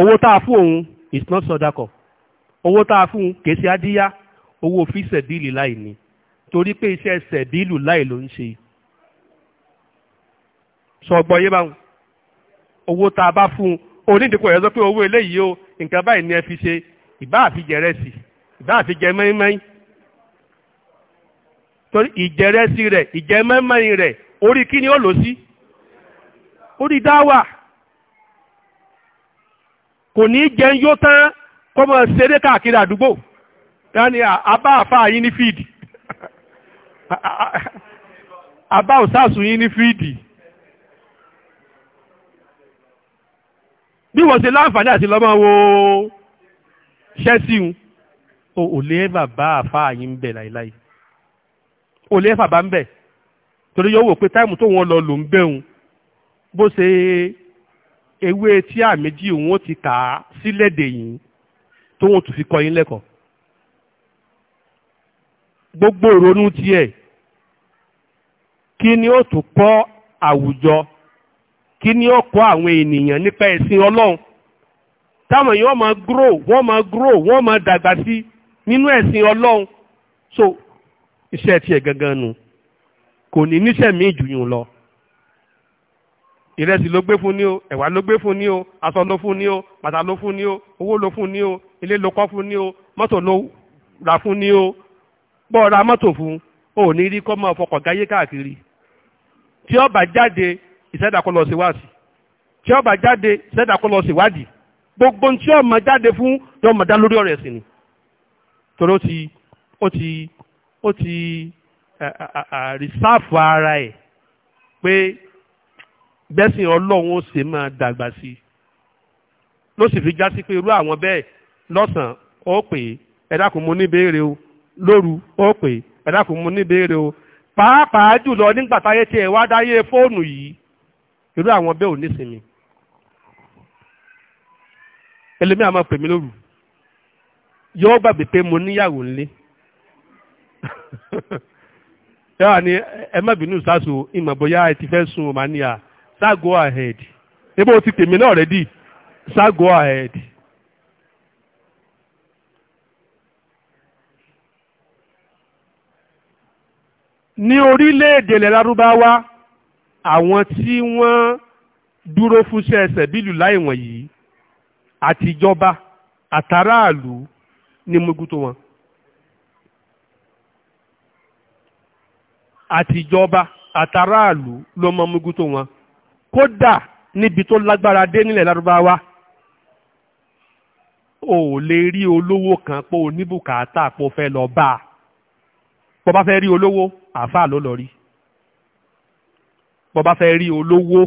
owó tá a fún òun is not sọdakọ owó tá a fún kì í ṣe adíyá owó fi sẹ̀bíìlì láì ní torí pé iṣẹ́ sẹ̀bíìlù láì ló ń ṣe sọ gbọ́ yé báwọn owó tá a bá fún un onídìkọ ẹ̀ sọ pé owó eléyìí o nǹkan báyìí ni ẹ fi ṣe ìbá àfijẹ rẹ sí ìbá àfijẹ mẹ́mẹ́rin torí ìjẹrẹsì rẹ̀ ìjẹmẹ́mẹ́rin rẹ̀ orí kí ni ó lò sí orí dáwà kò ní jẹun yóò tán kó máa ṣeré káàkiri àdúgbò dání abá àfáà yín ní fíìdì abá òsàsù yín ní fíìdì bí wọ́n ṣe láǹfààní àti lọ́mọ wo ṣẹ́síun o ò lè bàbá àfáà yín ń bẹ̀ láíláí ò lè bàbá ń bẹ̀ torí yóò wò pé táìmù tó wọn lọ lò ń bẹ̀ òun bó ṣe ewé tí àméjì òun ó ti kà á sílẹ̀dẹ̀ yìí tó wọn tún fi kọ́ yín lẹ́kọ̀ọ́ gbogbo ìrònú tiẹ̀ kí ni ó tún kọ́ àwùjọ kí ni ó kọ́ àwọn ènìyàn nípa ẹ̀sìn ọlọ́run táwọn èèyàn máa grow wọ́n máa grow wọ́n máa dàgbà sí nínú ẹ̀sìn ọlọ́run so iṣẹ́ tiẹ̀ gangan nu kò ní níṣẹ́ míì jù yùn lọ ìrẹsì ló gbé fún ni o ẹ̀wà ló gbé fún ni o aṣọ ló fún ni o bàtà ló fún ni o owó ló fún ni o ilé ló kọ́ fún ni o mọ́tò ló rà fún ni o bọ́ ra mọ́tò fún o ní rí kọ́ máa fọkọ̀ gáyé káàkiri tí ó bá jáde ìṣẹ́dàkọ́ lọ tí ó jáde ìṣẹ́dàkọ́ lọ gbogbo tí ó jáde fún yóò máa dá lórí ọ̀rọ̀ ẹ̀sìn ni torí ó ti ó ti ó ti rìsáàfù ara ẹ̀ pé bẹ́sìn ọlọ́run ó sì máa dàgbà sí i ló sì fi já sí pé irú àwọn bẹ́ẹ̀ lọ́sàn-án ó pè é ẹ dákun mo ní béèrè o lóru ó pè é ẹ dákun mo ní béèrè o pàápàá jùlọ nígbà táyé tiẹ̀ wá dáyé fóònù yìí irú àwọn bẹ́ẹ̀ ò ní sinmi ẹlẹ́mìí àmọ́ pè lóru yóò gbàgbé pé mo níyàwó ńlé yóò wà ní ẹ má bínú sáso ìmọ̀ bóyá ẹ ti fẹ́ sun òmàníà ṣá go ahead ebo o ti pèmí náà already ṣá go ahead. ní orílẹ̀-èdè ilẹ̀ lárúbáwá àwọn tí wọ́n dúró fúnṣẹ́ ẹsẹ̀ bílù láì wọ̀nyí àtijọba àtàráàlú ní mugu tó wọn. àtijọba àtàráàlú ló mọ mugu wọn kódà níbi tó lágbára dé nílẹ̀ lárúbáwá o ò lè rí olówó kan pé o ní bùkátà pé o fẹ́ lọ bá a bó bá fẹ́ rí olówó àáfàá ló lọ rí bó bá fẹ́ rí olówó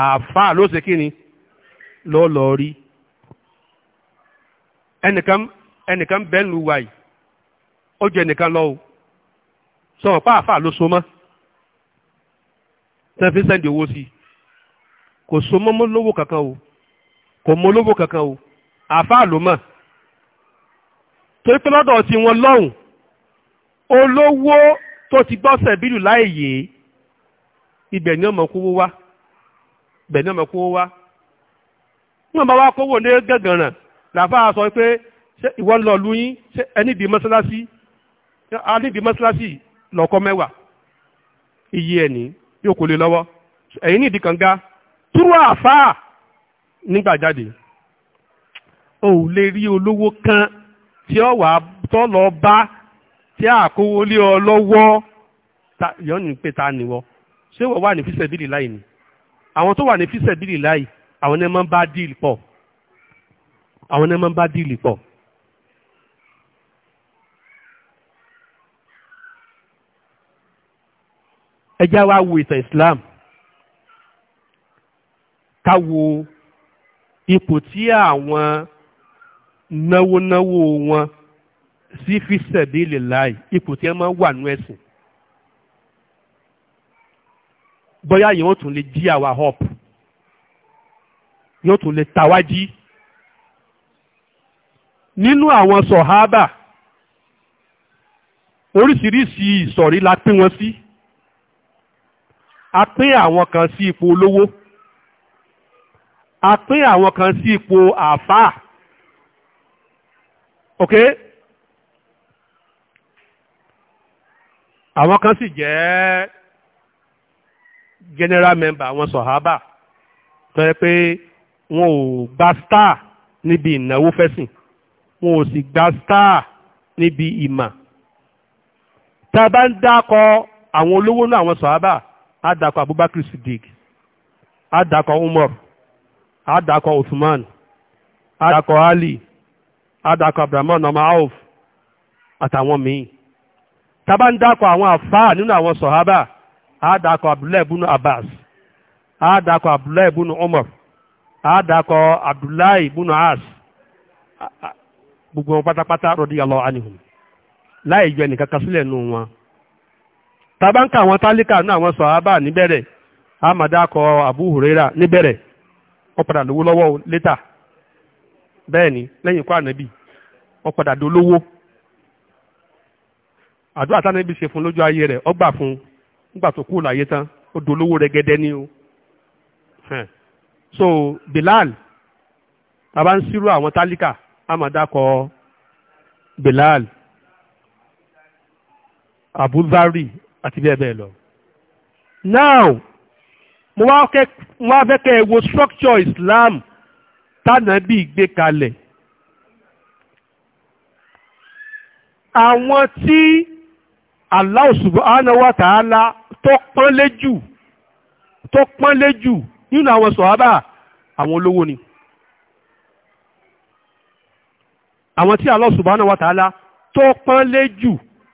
àáfàá ló ṣe kí ni ló lọ rí ẹnìkan ẹnìkan bẹ́ẹ̀ lu yìí ó jẹ ẹnìkan lọ o sọ̀rọ̀ pé àáfàá ló so mọ́ tẹ́ fi sẹ́ndì owó sí i kò so mọ́mọ́ lówó kankan o kò mọ lówó kankan o àáfàá ló mọ̀ torí pé lọ́dọ̀ tí wọ́n lọ́hùn olówó tó ti gbọ́sẹ̀ bílù láì yé ibẹ̀ ni ọmọ kówó wá ibẹ̀ ni ọmọ kówó wá wọ́n bá wá kówó ní gàngànràn làáfàá sọ pé ṣé lọ lu ẹni di mọ́ṣáláṣí a ní di lọ́kọ́ mẹ́wàá iye ẹ̀ ní yóò kò lè lọ́wọ́ ẹ̀yin ní ìdí kànga túrú àfáà nígbà jáde o ò lè rí olówó kan tí ó wà tó lọ bá tí àkówó lé ọ lọ́wọ́ yọ ní pé ta nìwọ ṣé wọ́n wà ní fíṣẹ̀bìlì láì ni àwọn tó wà ní fíṣẹ̀bìlì láì àwọn náà máa ń bá díìlì pọ̀ àwọn náà máa ń bá díìlì pọ̀. ẹ já wa wo ìtàn Islam ká wo ipò tí àwọn náwónáwó wọn sí fíṣẹ̀bílì láì ipò tí wọ́n máa wà nú ẹ̀sìn bóyá yóò tún lè jí àwa hop yóò tún lè tàwájí nínú àwọn sọ̀hábà oríṣiríṣi ìsọ̀rí la pín wọn sí a pín àwọn kan sí ipò olówó a pín àwọn kan sí ipò àfáà ok àwọn kan sì jẹ́ general member àwọn sọ̀hábà tó yẹ pé wọn ò gba star níbi ìnáwó fẹ́sìn wọn ò sì gba star níbi ìmà tá a bá ń dákọ àwọn olówó náà àwọn sọ̀hábà á dákọ Abubakar Siddiq á dákọ Umar adakọ Usman adakọ Ali adakọ Abdulrahman ọmọ Auf àtàwọn míì tábà ń dákọ àwọn àfáà nínú àwọn sọ̀hábà adakọ Abdullahi ibùnú Abbas adakọ Abdullahi ibùnú Umar adakọ Abdullahi ibùnú As gbogbo wọn pátápátá radiyallahu anhum láì yọ ẹnìkan kan sílẹ̀ nù wọn tábà ń ka àwọn tálíkà nínú àwọn sọ̀hábà níbẹ̀rẹ̀ amadakọ Abu Huraira níbẹ̀rẹ̀ ó padà lówó lọ́wọ́ létà bẹ́ẹ̀ ni lẹ́yìn ikú ànábì ó padà dolówó àdúrà tánábì ṣe fún lójú ayé rẹ̀ ó gbà fún nígbà tó kú láyé tán ó dolówó ni o so Bilal tàbá ń sírú àwọn tálíkà á máa dákọ Bilal Abu àti bẹ́ẹ̀ bẹ́ẹ̀ lọ now mo wá fẹ́ wo structure Islam tánàbí gbé kalẹ̀ àwọn tí Allah subhanahu wa ta'ala tó pọ́nlé jù tó pọ́nlé jù nínú àwọn sọ̀hábà àwọn olówó ni àwọn tí Allah subhanahu wa ta'ala tó pọ́nlé jù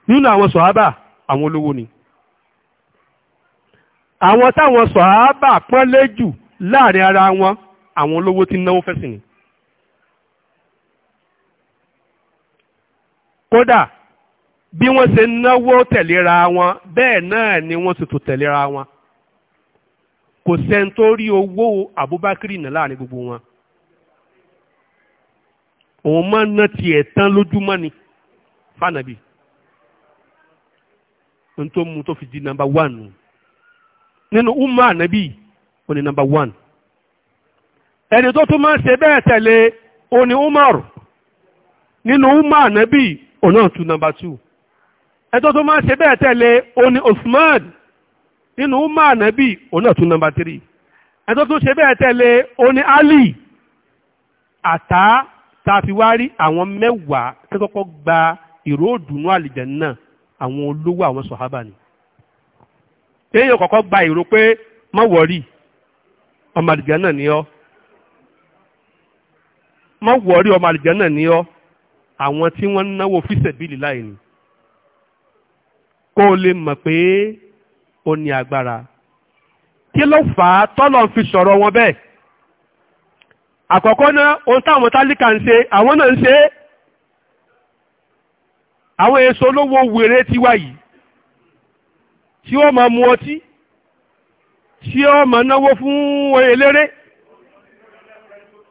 nínú àwọn sọ̀hábà àwọn olówó ni àwọn táwọn sọ̀hábà pọ́nlé jù láàrin ara wọn àwọn olówó tí ń náwó fẹ́sìn ni. kódà bí wọ́n ṣe náwó tẹ̀léra wọn bẹ́ẹ̀ náà ni wọ́n ti tò tẹ̀léra wọn kò sẹ́ni tó rí owó Abubakar ná láàrin gbogbo wọn òun máa ń ná tiẹ̀ tán lójúmọ́ ni fànàbí n tó mú tó fi di nàmbà wánù nínú umma ànábì ó number one ẹni tó tún máa ń ṣe bẹ́ẹ̀ tẹ̀lé ó umar nínú umma ànábì ó náà number two ẹni tó tún máa ń ṣe bẹ́ẹ̀ tẹ̀lé ó usman nínú umma ànábì ó náà number three ẹni tó tún ṣe bẹ́ẹ̀ tẹ̀lé ó ali àtá tá a fi wá rí àwọn mẹ́wàá tó kọ́kọ́ gba ìró òdùnú àlìjẹ̀ náà àwọn olówó àwọn sọ̀hábà ni téèyàn kọ́kọ́ gba ìró pé má wọ̀rí ọmọ àlìjánà ni ọ́ má wọ̀rí ọmọ àlìjánà ni ọ́ àwọn tí wọ́n ń náwó fíṣẹ̀bìlì láì ní kó o lè mọ̀ pé ó ní agbára kí ló fà á tọ́lọ̀ fi sọ̀rọ̀ wọn bẹ́ẹ̀ àkọ́kọ́ náà ohun táwọn tálíkà ń ṣe àwọn náà ń ṣe àwọn èso olówó wèrè tiwa yìí tí ó ma mu ọtí tí ó máa náwó fún eléré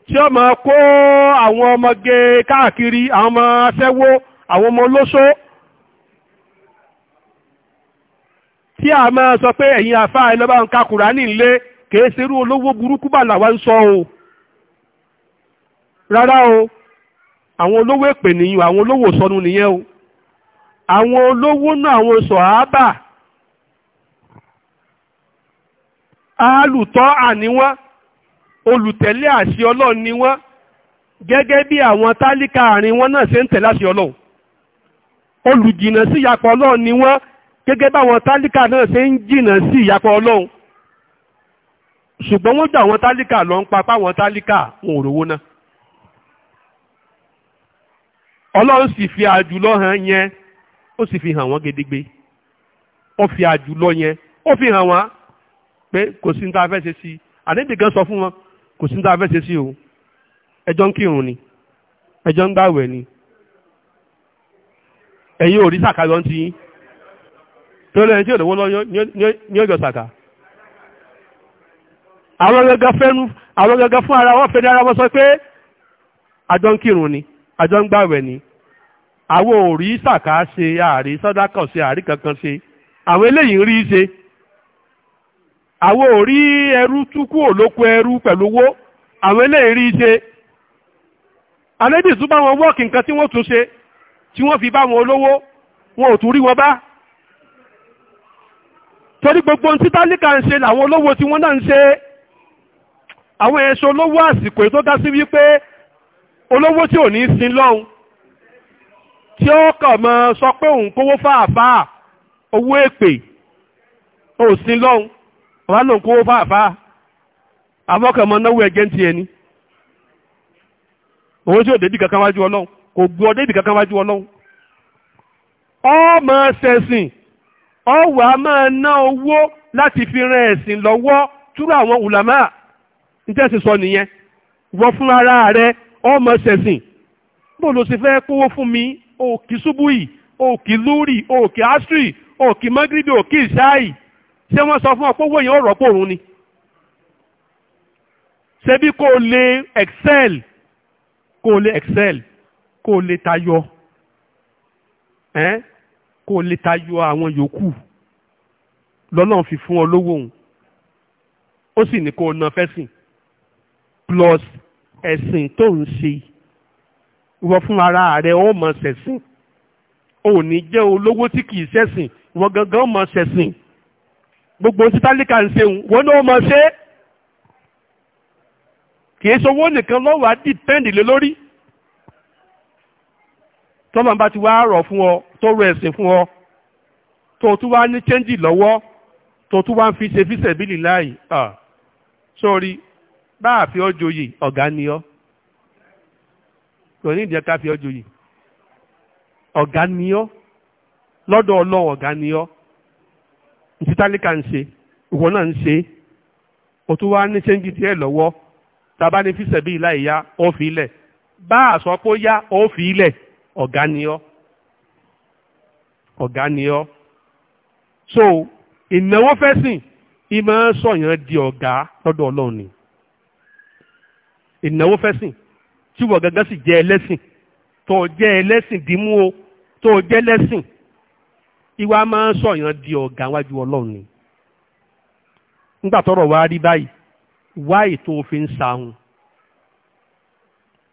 tí ó ma kó àwọn ọmọge káàkiri àwọn ọmọ aṣẹ́wó àwọn ọmọ olóṣó tí a máa sọ pé ẹ̀yin àfá ẹlọ́bà ń ka kùránì nílé kìí ṣerú olówó burúkú bà làwa ń sọ o rárá o àwọn olówó èpè nìyí àwọn olówó sọnù nìyẹn o àwọn olówó náà àwọn sọ̀hábà alùtọ́ àní wọ́n olùtẹ̀lé àṣẹ ọlọ́run ni wọ́n gẹ́gẹ́ bí àwọn tálíkà àárín wọn náà ṣe ń tẹ̀lé àṣẹ ọlọ́run olùjìnà sí ìyapọ̀ ọlọ́run ni wọ́n gẹ́gẹ́ bí àwọn tálíkà náà ṣe ń jìnà sí ìyapọ̀ ọlọ́run ṣùgbọ́n wọ́n gbà àwọn tálíkà lọ ń papá àwọn tálíkà wọn ò rówó náà ọlọ́run sì fi àjùlọ hàn yẹn ó sì fi hàn wọ́n gedegbe ó fi àjùlọ yẹn ó fi hàn wọ́n pé kò sí ní fẹ́ ṣe sí i àníbì kan sọ fún wọn kò sí ní fẹ́ ṣe sí o ẹjọ́ ń kírun ni ẹjọ́ ń gbàwẹ̀ ni ẹ̀yin ò rí sàkà lọ́n ti yín torí ẹni tí ò lówó lọ ní ọjọ́ sàkà àwọn gẹ́gẹ́ fẹ́nu àwọn gẹ́gẹ́ fún ara wọn fẹ́ni ara wọn sọ pé àjọ ń kírun ni àjọ ń gbàwẹ̀ ni àwọn ò rí sàkà ṣe àrí sọ́dákọ̀ ṣe àrí kankan ṣe àwọn eléyìí ń rí ṣe. àwọn ò rí ẹrú túkú òlóko ẹrú pẹ̀lú owó àwọn eléyìí rí ṣe alédìsú bá wọn wọ́ọ̀kì nǹkan tí wọ́n tún ṣe tí wọ́n fi bá wọn olówó wọn ò tún rí wọn bá torí gbogbo ohun tí tálíkà ń ṣe làwọn olówó tí wọ́n náà ń ṣe àwọn ẹ̀ṣọ́ olówó àsìkò tó dá sí wípé olówó tí ò ní sin lọ́hùn tí ó kàn mọ́ sọ pé òun kówó fáàfáà owó èpè òsìn lọ́hùn wọ́n á lò ń kówó fáàfáà afọ́kànmọ́ náwó ẹ̀jẹ̀ ń tiẹ̀ ni òun tí ò débi kankan wájú ọlọ́run kò gbọ́ débi kankan wájú ọlọ́run ọmọ ṣẹ̀sìn ọwọ́ a máa ná owó láti fi ran ẹ̀sìn lọ́wọ́ túrú àwọn ùlàmá ìtẹ́sìn sọ nìyẹn wọ́n fún ara rẹ ọmọ ṣẹ̀sìn bó ló sì fẹ́ kówó fún mi òkì ṣubúì òkì lúrì òkì asri òkì mọ́gíríbì òkì ìṣáì ṣé wọ́n sọ fún ọ pé owó yẹn ó rọ́pò òun ni kò lè excel kò lè excel kò lè tayọ ẹ́n kò lè tayọ àwọn yòókù lọ́lọ́run fi fún ọ lówó òun ó sì ní kó o na fẹ́sìn plus ẹ̀sìn tó ń ṣe ìwọ fún ara rẹ ó mọ̀ ṣẹ̀sìn ò ní jẹ́ olówó tí kìí ṣẹ̀sìn ìwọ gangan mọ̀ ṣẹ̀sìn gbogbo títálíkà ń seun wọn náà mọ̀ ṣe kì í sọwọ́ nìkan lọ́wọ́ á dìpẹ́ǹdì lé lórí tọ́mọ̀ bá ti wá rọ̀ fún ọ tó rọ ẹ̀sìn fún ọ tó tún wá ní chẹ́ńjì lọ́wọ́ tó tún wá ń fi ṣe fíṣẹ̀ bílì láàyè sórí bá a fi ọjọ́ yìí ọ̀gá ni ọ́ kò ní ìdí ẹ̀ka fi ọjọ́ yìí ọ̀gá ni ọ́ lọ́dọ̀ ọlọ́run ọ̀gá ni ọ́ ntí tálíkà ń ṣe ìwọ náà ń ṣe o tún wá ní ṣéǹjì díẹ̀ lọ́wọ́ tàbá ní fíṣẹ̀ bí ìlà ó fi ilẹ̀ bá a sọ pé ó yá ó fi ilẹ̀ ọ̀gá ni ọ́ ọ̀gá ni ọ́ so ìnáwó fẹ́sìn ìmọ̀ sọ̀yàn di ọ̀gá lọ́dọ̀ ọlọ́run ni ìnáwó fẹ́sìn tí wọ́n gángan sì jẹ́ ẹlẹ́sìn tó jẹ́ ẹlẹ́sìn dìímú o tó jẹ́ ẹlẹ́sìn ìwà máa ń sọ̀yàn di ọ̀gá wájú ọlọ́run ni nígbà tọrọ wá rí báyìí wá ètò òfin sàhùn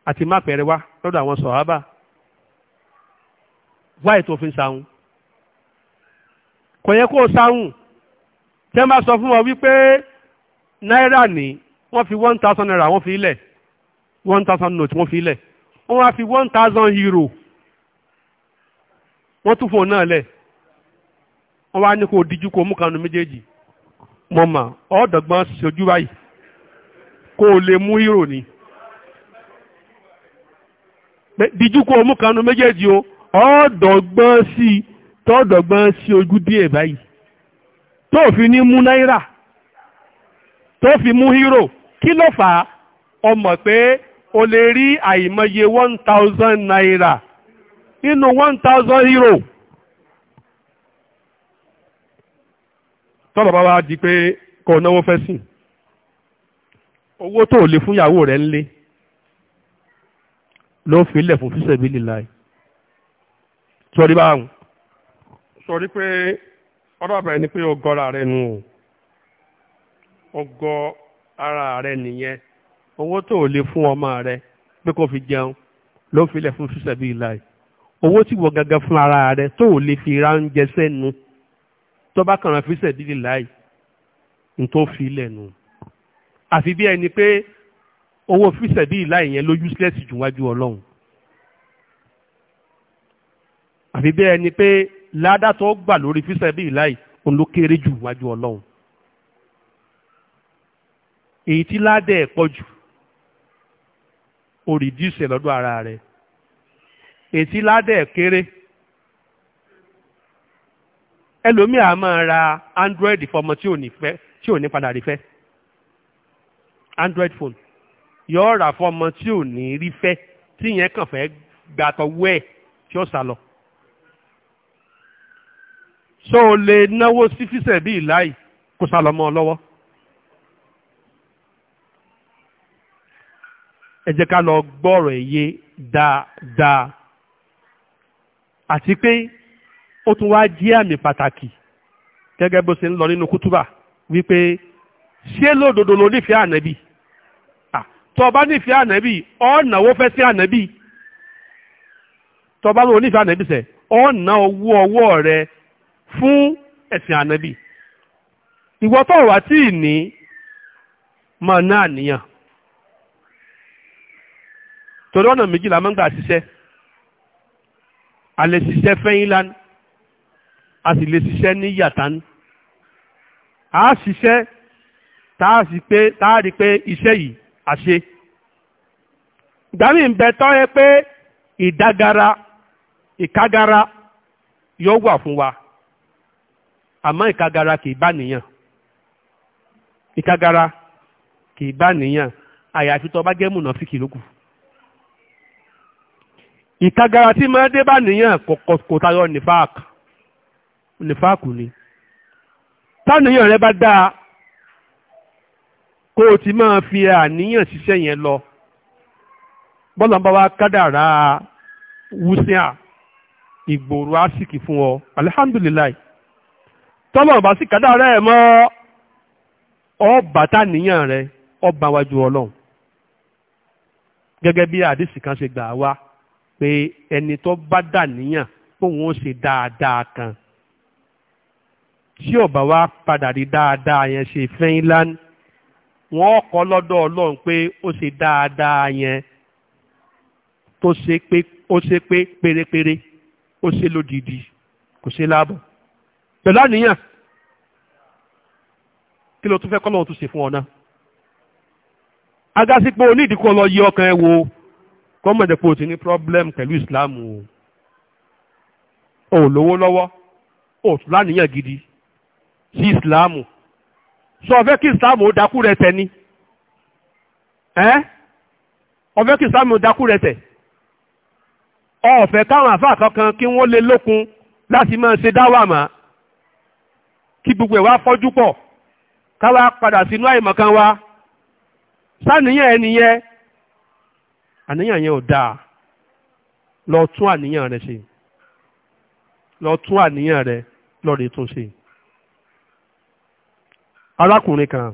àti má pẹ̀rẹ̀ wá lọ́dọ̀ àwọn sọ̀hábà wá ètò òfin sàhùn kò yẹ kó o sáhùn tí wọ́n bá sọ fún wọn wípé náírà ní wọ́n fi one thousand naira wọ́n fi ilẹ̀ one thousand note wọ́n fi ilẹ̀ wọ́n wá fi one thousand euro wọ́n tún fún un náà lẹ̀ wọ́n wá ní kó díjú kó mú kanu méjèèjì mọ̀ mà ọ̀ọ́dọ̀gbọ́n ṣojú báyìí kó o lè mú hírò ni díjú kó o mú kanu méjèèjì o ọ̀ọ́dọ̀gbọ́n sí i tọ́ọ̀dọ̀gbọ́n sí ojú díẹ̀ báyìí tó fi ní mú náírà tó fi mú hírò kí ló fà á ọmọ pé o lè rí àìmọye one thousand naira nínú one thousand euro. tọ́rọ̀ bá wá di pé kò náwó fẹ́ sìn owó tó lè fún ìyàwó rẹ̀ ńlé ló fi ilẹ̀ fún fíṣẹ̀bílì láì sọrí bá àwọn sọrí pé ọ̀rọ̀ bẹ̀rẹ̀ ni pé o gọ́ ara rẹ̀ nù o o gọ́ ara rẹ̀ nìyẹn owó tó lè fún ọmọ rẹ̀ pé kó fi jẹun ló fi ilẹ̀ fún fíṣẹ̀bílì láì owó tí wọ́n gangan fún ara rẹ̀ tó lè fi ra sẹ́nu tó bá kàn án fi sẹ̀dílì láì ní tó fi lẹ́nu àfi bí ẹni pé owó fi sẹ̀dílì láì yẹn ló useless jù wájú ọlọ́run àfi bí ẹni pé ládá tó gbà lórí fi sẹ̀dílì láì òun ló kéré jù wájú ọlọ́run èyí tí ládẹ́ ẹ̀ pọ̀ jù ó reduce lọ́dọ̀ ara rẹ̀ èyí tí ládẹ́ ẹ̀ kéré ẹlòmíì á máa ra android fọmọ tí ò ní fẹ́ tí ò ní padà rí fẹ́ android phone yóò rà fọmọ tí ò ní rí fẹ́ tí yẹn kàn fẹ́ gbàtọ̀wọ́ ẹ̀ tí ó sá lọ. so o lè náwó sí fíṣẹ̀ bíi láì kó sá lọ mọ́ ọ lọ́wọ́. ẹ jẹ́ ká lọ gbọ́rọ̀ ẹ̀ yé dáadáa àti pé ó tún wá jẹ́ àmì pàtàkì gẹ́gẹ́ bó ṣe ń lọ nínú kútúbà wípé ṣé lódodo ló nífẹ̀ẹ́ ànábì tó bá nífẹ̀ẹ́ ànábì ọ̀nà owó fẹ́ sí ànábì tó bá ló nífẹ̀ẹ́ ànábì sẹ̀ ọ̀nà owó ọwọ́ rẹ fún ẹ̀sìn ànábì ìwọ tó wà tí ì ní máa ná àníyàn torí ọ̀nà méjì máa ń gbà ṣiṣẹ́ a ṣiṣẹ́ fẹ́yìn lánàá a sì lè ṣiṣẹ́ ní yàtán a ṣiṣẹ́ tá a sì pé tá a rí pé iṣẹ́ yìí a ṣe ìdámì ń bẹ tọ́ yẹ pé ìdágara ìkágara yóò wà fún wa àmọ́ ìkágara kì í bá nìyàn ìkágara kì í bá nìyàn àyàfi tó bá jẹ́ mùnàfíkì lókù ìkágara tí máa dé bá nìyàn kò tayọ nífàkì nífàkù ni táníyàn rẹ bá dáa kó o ti máa fi àníyàn ṣiṣẹ́ yẹn lọ bọ́lá ń bá wa kádàrá wúsíà ìgbòòrò àsìkì fún ọ alihamdulilayi tọ́lọ̀ bá sì kádàrá ẹ̀ mọ́ ọba táníyàn rẹ ọba wájú ọlọ́run gẹ́gẹ́ bí àdìsí kan ṣe gbà wá pé ẹni tó bá dàníyàn òun ó ṣe dáadáa kan tí ọba wa padà rí dáadáa yẹn ṣe fẹ́ńlán wọ́n kọ́ lọ́dọ̀ ọlọ́run pé ó ṣe dáadáa yẹn tó ṣe pé ó ṣe pé pérépéré ó ṣe lódìdí kò ṣe láàbọ̀ pẹ̀lú àníyàn kí ló tún fẹ́ kọ́lọ́run tún ṣe fún ọ náà agásípò onídìíkọ́ lọ yí ọkàn ẹ wo kọ́mọ̀dẹ́pọ̀ ti ní problem pẹ̀lú ìsìláàmù o ò lówó lọ́wọ́ ò tún láníyàn gidi sí ìsìláàmù sọ ọ̀fẹ́ kí ìsìláàmù ó dákú rẹ tẹ̀ ni ẹ́ ọ̀fẹ́ kí ìsìláàmù ó dákú rẹ tẹ̀ ọ̀fẹ́ káwọn àfáà kankan kí wọ́n lè lókun láti máa ṣe dáwà mà kí gbogbo ẹ̀ wá fọ́jú pọ̀ káwá padà sínú àìmọ̀kan wa sáníyàn ẹni yẹn àníyàn yẹn ò dáa lọ tún àníyàn rẹ ṣe lọ tún àníyàn rẹ lọ rí tún ṣe arákùnrin kan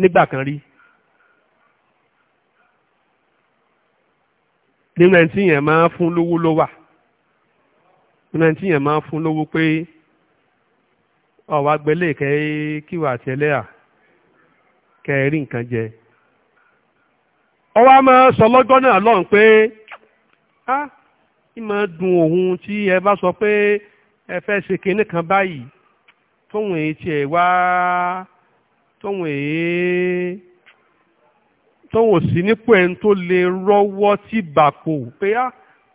nígbà kan rí nínú ẹni tí yẹn máa fún lówó ló wà nínú ẹni tí yẹn máa fún lówó pé ọ̀wá gbẹ́lẹ̀ kẹ́ kíwà àti ẹlẹ́à kẹ́ rí nǹkan jẹ ọwá máa sọ lọ́jọ́ náà lọ́hùn pé á ìmọ̀ dùn òun tí ẹ bá sọ pé ẹ fẹ́ ṣe kinní kan báyìí tóun èyí tiẹ̀ wá tóun èyí tóun ò sí nípò ẹni tó lè rọ́wọ́ tí bàpò pé á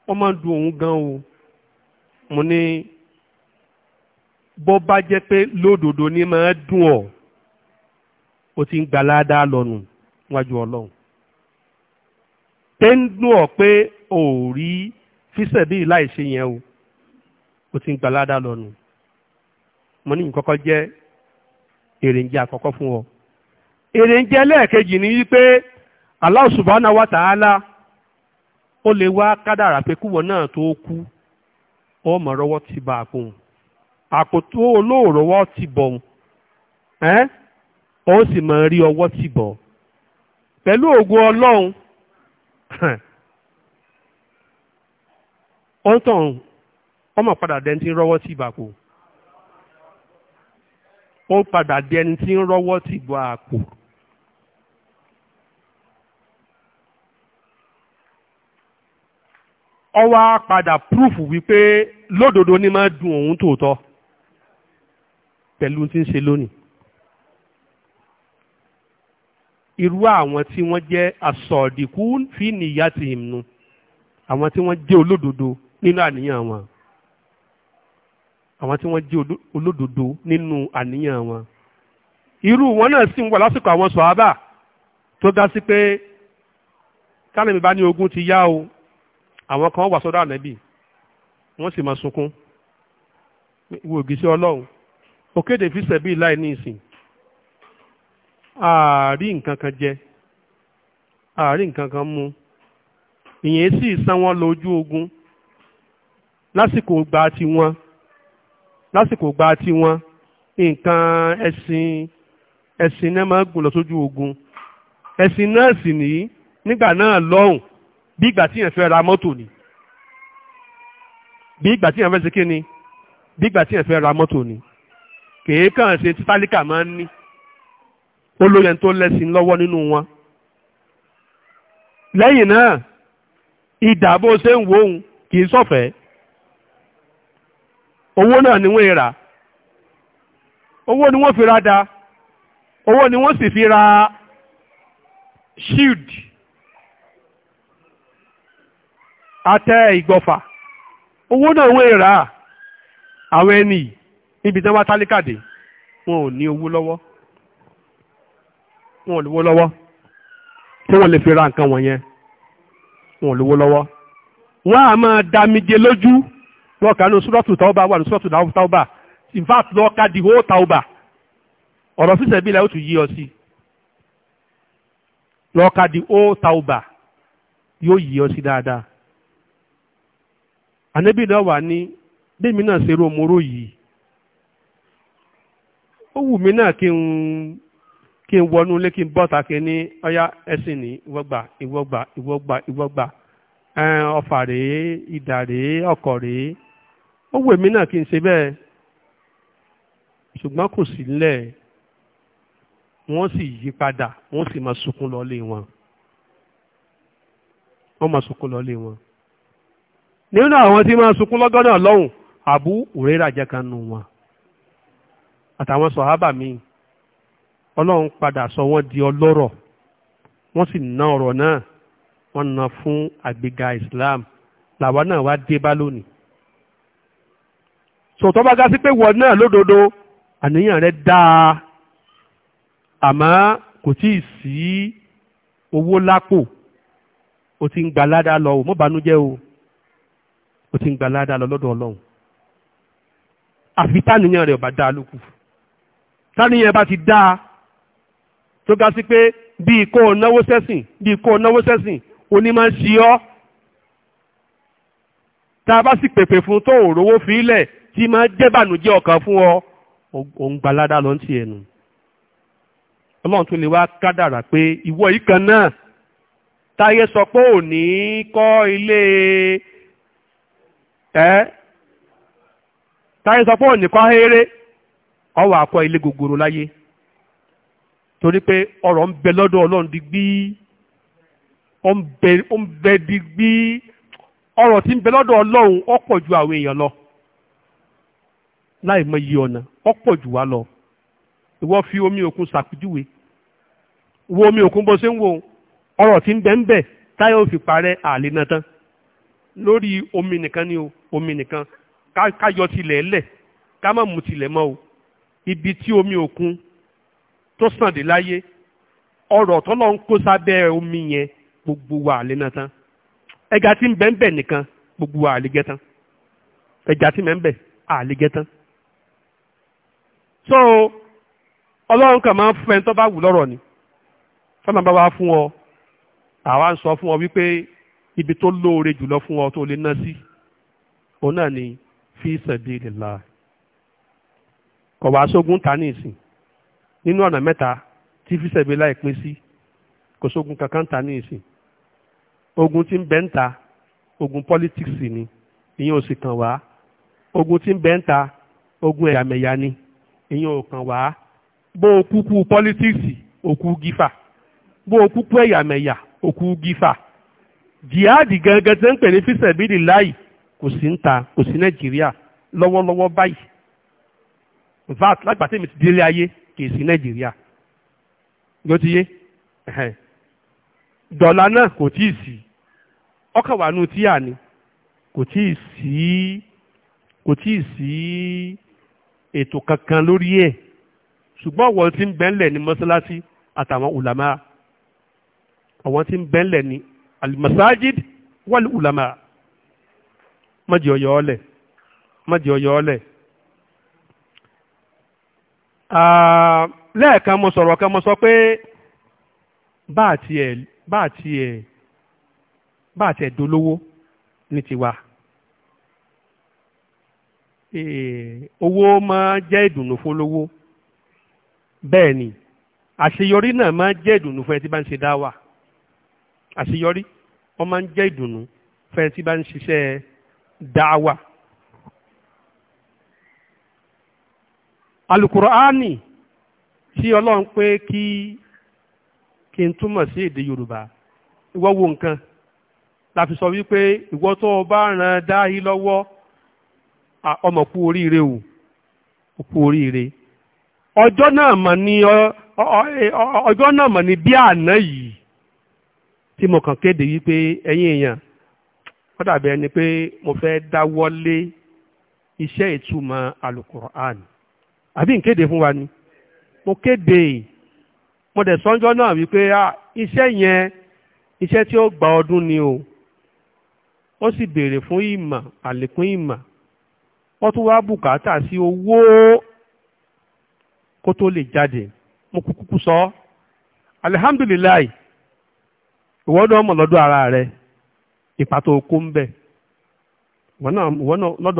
wọ́n máa ń du òun gan o mo ní bó bá jẹ́ pé lódodo ni máa dùn ọ́ o ti ń gbalada lọ́nu níwájú ọlọ́run tẹ́ ń pé òòrí fíṣẹ̀ bíi láì ṣe yẹn o. ó ti ń gba ládàá lọ́nu mo ní ìkọ́kọ́ jẹ́ èrèǹjẹ àkọ́kọ́ fún ọ èrèǹjẹ lẹ́ẹ̀kejì ni wípé Allah subhanahu wa ó lè wá kádàrà pé kúwọ náà tó kú ọmọ rọwọ́ ti bá a kún àpò tó olóòrọwọ́ ti bọ̀ ẹ́ ó sì máa rí ọwọ́ ti bọ̀ pẹ̀lú ògo Ọlọ́run ọ̀tàn ọmọ padà dẹni tí ń rọ́wọ́ tì bàpò ó padà dẹni tí ń rọ́wọ́ tì bọ́ àpò. ọwọ́ á padà proof wípé lódodo ni máa dùn òun tòótọ́ pẹ̀lú tí ń ṣe lónìí. irú àwọn tí wọ́n jẹ́ asọ̀dìkú fi nìyá ti hìm àwọn tí wọ́n jẹ́ olódodo nínú àníyàn wọn àwọn tí wọ́n jẹ́ olódodo nínú àníyàn wọn irú wọn náà sì ń wà lásìkò àwọn sọ̀hábà tó ga sí pé kálẹ̀mí bá ní ogun ti yá o àwọn kan wà sọ́dọ̀ ànábì wọ́n sì máa sunkún wo ògìsí ọlọ́run òkéde fi sẹ̀bí láì ní ìsìn ààrí nǹkan kan jẹ ààrí nǹkan kan mu ìyẹn sì sán wọn lójú ogun lásìkò gbà tiwọn lásìkò gba tiwọn nǹkan ẹ̀sìn ẹ̀sìn náà máa ń gùn lọ sójú ogun ẹ̀sìn náà sì ní nígbà náà lọ́hùn bí ìgbà tí fẹ́ ra mọ́tò ni bí ìgbà tí èèyàn fẹ́ ṣe kí ni bí ìgbà tí èèyàn fẹ́ ra mọ́tò ni kèé kàn ṣe tí tálíkà máa ń ní ó lóye tó lẹ́sìn lọ́wọ́ nínú wọn lẹ́yìn náà ìdààbò ṣe ń wò ó kì í sọ̀fẹ́ owó náà ni wọ́n rà owó ni wọ́n fi ra da owó ni wọ́n sì fi ra shield atẹ ìgbọ̀fà owó náà wọ́n rà àwọn ẹni níbi tí wọ́n bá tálíkàdé wọn ò ní owó lọ́wọ́ wọn ò lówó lọ́wọ́ tí wọ́n lè fi ra nǹkan wọ̀nyẹn wọn ò lówó lọ́wọ́ wọ́n a máa damije lójú. lọ́ọ̀ka ló sùrọ̀tù tàwọ́bà wà ló sùrọ̀tù in fact lọ́ọ̀ka the whole ó tún yí ọ sí lọ́ọ̀ka the whole tàwọ́bà yóò yí ọ sí yìí wù mí n kí n kí n ní ọyá ọfà rèé ó wù mí náà kí n ṣe bẹ́ẹ̀ ṣùgbọ́n kò sí nílẹ̀ wọ́n sì yí padà wọ́n sì máa sunkún lọ́lé wọn wọ́n máa sunkún lọ́lé wọn nínú àwọn tí máa sunkún lọ́gọ́dọ̀ lọ́hùn àbú òrérà jẹ́ wọn àtàwọn sọ̀hábà míì ọlọ́run padà sọ wọ́n di ọlọ́rọ̀ wọ́n sì ná ọ̀rọ̀ náà wọ́n ná fún àgbéga Islam làwa náà wá dé bá lónìí sòtọ́ bá gá sí pé wọ́n náà lódodo àníyàn rẹ̀ dáa àmọ́ kò tí ì sí owó lápò o ti ń gbà ládàá lọ o mọ́ bànújẹ́ o o ti ń gbà ládàá lọ lọ́dọ̀ ọlọ́run àfi táníyàn rẹ̀ ò bá dáa lókù táníyàn bá ti dáa tó ga sí pé bíi kó náwó sẹ́sìn bíi kó náwó sẹ́sìn oní máa ń ṣí ọ́ tá a bá sì pèpè fún tó òrówó fi lẹ̀ tí máa jẹ́ bànújẹ́ ọkàn fún ọ òun gbalada ló ń ti ẹnu ọlọ́run tún lè wá kádàrà pé ìwọ yìí náà táyé sọ pé ò ní kọ́ ilé ẹ́ táyé sọ pé ò ní kọ́ ahéré ọwọ́ akọ ilé gogoro láyé torí pé ọrọ̀ ń bẹ lọ́dọ̀ ọlọ́run ó ń bẹ tí ju àwọn lọ. láì mọ iye ọ̀nà ọ̀pọ̀ jù wá lọ ìwọ fi omi òkun ṣàpèjúwe wo omi òkun bó ṣe ń wo ọ̀rọ̀ tí ń bẹ ń bẹ táyà ò fi parẹ́ àlè náà tán lórí omi nìkan ni o omi nìkan ká yọ tilẹ̀ lẹ̀ ká má mu tilẹ̀ mọ́ o ibi tí omi òkun tó sàn dé láyé ọ̀rọ̀ tọ́lọ́ ń kó sábẹ́ omi yẹn gbogbo wa àlè náà tán ẹja tí ń bẹ ń bẹ nìkan gbogbo wa àlè gẹ́ tán tí ń bẹ ń bẹ àlè gẹ́ so ọlọ́run kàn máa ń fún ẹni tó bá wù lọ́rọ̀ ni fẹ́mi bá wá fún ọ àwa ń sọ fún ọ wípé ibi tó lóore jùlọ fún ọ tó lè ná sí òun náà ni fi sabilillah kò wá sógun ta ní ìsìn nínú ọ̀nà mẹ́ta tí fi sabilillah ìpín sí kò sógun kankan ta ní ìsìn ogun tí ń bẹ ń ta ogun politics ni ìyẹn ò sì kàn wá ogun tí ń bẹ ń ta ogun ẹ̀yàmẹ̀yà ni èyí ò kàn wá bó o kúkú pọ́lítíìsì òkú gífà bó o kúkú ẹ̀yàmẹ̀yà òkú gífà jihadi gangan tí ń pè ní fíṣẹ̀bìlì láì kò sí ń ta kò sí nàìjíríà lọ́wọ́lọ́wọ́ báyìí vat lágbàtí mi ti délé ayé kì í sí nàìjíríà yóò ti yé dọ́là náà kò tí sí ọkàn wà nù tíyà ni kò tí sí kò tí ì sí ètò kankan lórí ẹ̀ ṣùgbọ́n ọ̀wọ́n ti ń bẹ́ńlẹ̀ ní mọ́sálásí àtàwọn ulama ọ̀wọ́n ti ń bẹ́ńlẹ̀ ní alimasajid wal ulama mọ́jì ọ̀yọ́ ọ̀lẹ̀ mọ́jì ọ̀yọ́ ọ̀lẹ̀. lẹ́ẹ̀kan mo sọ̀rọ̀ kan mo sọ pé bá àti ẹ̀ dolówó ní tiwa owó máa jẹ́ ìdùnnú fún olówó bẹ́ẹ̀ ni àṣeyọrí náà máa jẹ́ ìdùnnú fún ẹ tí bá ń ṣe dáwà àṣeyọrí wọ́n máa ń jẹ́ ìdùnnú fún ẹ tí bá ń ṣiṣẹ́ dáwà. alukur'ani tí ọlọ́run pé kí kí n túmọ̀ sí èdè yorùbá ìwọ nǹkan la sọ wípé ìwọ tó o bá ràn lọ́wọ́ ọmọ kú oríire o kú oríire ọjọ́ náà mà ní ọjọ́ náà mà ní bí àná yìí tí mo kàn kéde wípé ẹ̀yin èèyàn ó dàbí ẹni pé mo fẹ́ dáwọ́lé iṣẹ́ ìtumọ̀ alukur'an àbí nkéde fún wa ni mo kéde mo dẹ̀ sọ́njọ́ náà wípé iṣẹ́ yẹn iṣẹ́ tí ó gba ọdún ni o ó sì béèrè fún ìmọ̀ àlékún ìmọ̀ ó tún wá bùkátà sí owó kó tó lè jáde mo kúkú sọ alihamdulilayi ìwọ nọdụ ara rẹ ipa tó ń bẹ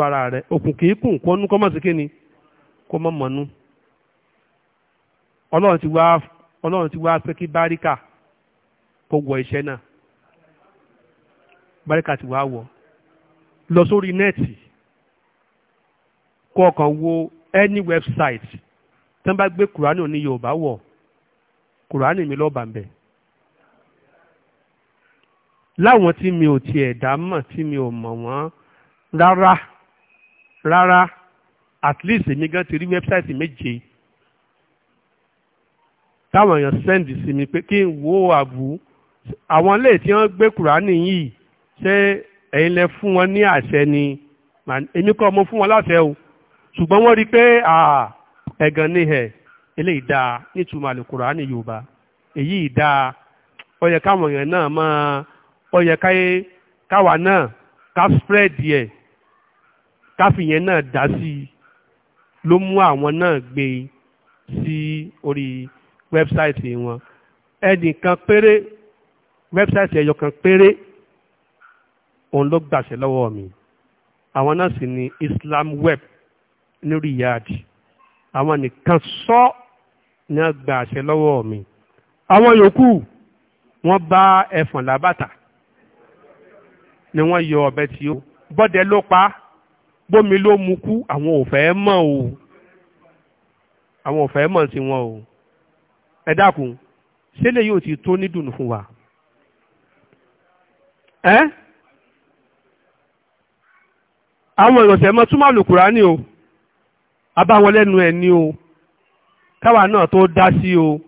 ara rẹ òkùn kùn kó nú kíni kó mọ̀ ti ọlọ́run ti wá pé kí báríkà ti wá wọ lọ sórí kó ọkàn wo any website tí wọ́n bá gbé kùránì òní yorùbá wọ̀ kùránì mi lọ́ọ́ bà ń bẹ̀. láwọn tí mi ò tiẹ̀ dá mọ̀ tí mi ò mọ̀ wọ́n rárá rárá at least èmi gan ti rí wẹ́bsáìtì méje táwọn èèyàn sẹ́ndì sí mi pé kí n wo àbú àwọn ilé tí wọ́n gbé kùránì yìí ṣé ẹ̀yin lẹ fún wọn ní àṣẹ ni èmi kọ́ mo fún wọn láṣẹ o ṣùgbọ́n wọ́n rí i pé ẹ̀gàn ni ẹ̀ eléyìí dáa nítumọ̀ àlùkùránì ní Yorùbá èyí dáa ó yẹ káwọn èèyàn náà máa ó yẹ káwa náà ká spread yẹ káfíyẹn náà dá sí i ló mú àwọn náà gbé sí orí wẹ́bsáìtì wọn ẹnìkan péré wẹ́bsáìtì ẹyọkan péré òun ló gbàṣẹ lọ́wọ́ mi àwọn náà sì ni Islam web ní Riyadh àwọn nìkan sọ ní àgbà àṣẹ lọ́wọ́ mi àwọn yòókù wọ́n bá ẹfọ̀n làbàtà ni wọ́n yọ ọ̀bẹ tí ó bọ́dẹ ló pa bómi ló mu kú àwọn ò fẹ́ mọ̀ o àwọn ò mọ̀ sí wọn o ẹ dákun sílẹ̀ yóò ti tó nídùnnú fún wa. ẹ́ àwọn ìrọ̀sẹ̀ mọ́ túmọ̀ lùkùrá ni o abáwọn lẹ́nu ẹ̀ ní o káwa náà tó dá sí o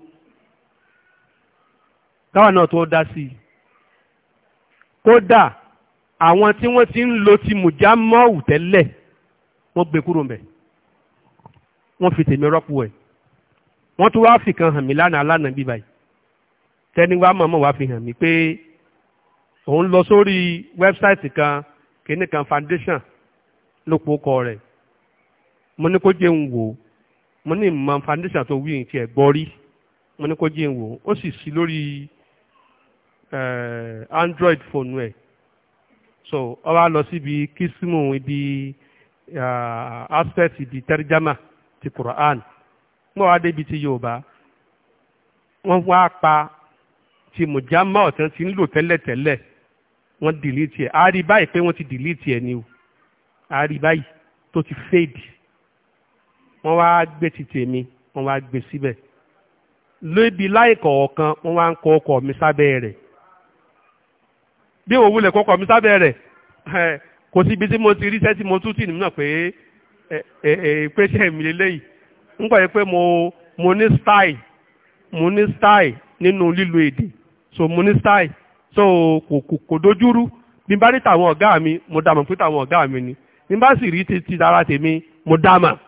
káwa náà tó dá sí i kódà àwọn tí wọ́n ti ń lo ti mùjá mọ́ọ̀wù tẹ́lẹ̀ wọ́n gbé kúrò mbẹ̀ wọ́n fi tèmi rọ́pò ẹ̀ wọ́n tún wáá fìkan hàn mí lánàá lánàá bí báyìí tẹ́ni wá mọ̀ọ́mọ̀ wá fi hàn mí pé òun lọ sórí wẹ́bsáìtì kan kìíní foundation ló po rẹ̀ mo ní kó jẹ́ ń wò mo ní ìmọ̀ foundation tó wí ìtì ẹ̀ gbọ́ rí mo ní kó jẹ́ ń wò ó sì sí lórí eh, android phone ẹ̀ so ọ wá lọ síbi kìsímù ibi eh, aspect ibi tẹ́rìjámà ti Quran mo wá débi ti Yorùbá wọ́n wá pa ti mùjámà ọ̀tẹ́ ti ń lò tẹ́lẹ̀tẹ́lẹ̀ wọ́n dìlítì ẹ̀ a rí báyìí pé wọ́n ti dìlítì ẹ̀ ni o a rí báyìí tó ti fèdì wọ́n wá gbé ti tèmi wọ́n wá gbé síbẹ̀ lébi láìkọ̀ọ̀kan wọ́n wá ń kọ ọkọ̀ mi sábẹ́ rẹ̀ bí òun wulẹ̀ kọkọ̀ mi sábẹ́ rẹ̀ kò sí ibi tí mo ti ríṣẹ́ tí mo tún tì nínú náà pé pèsè mi lélẹ́yìí ń pàdé pé mo mo ní style mo ní style nínú lílo èdè so mo ní style so kò kò kò dojúrú bí n bá rí tàwọn ọ̀gá mi mo dá mọ̀ pé tàwọn ọ̀gá mi ni bí n bá sì rí ti dára tèmi mo dá mọ̀.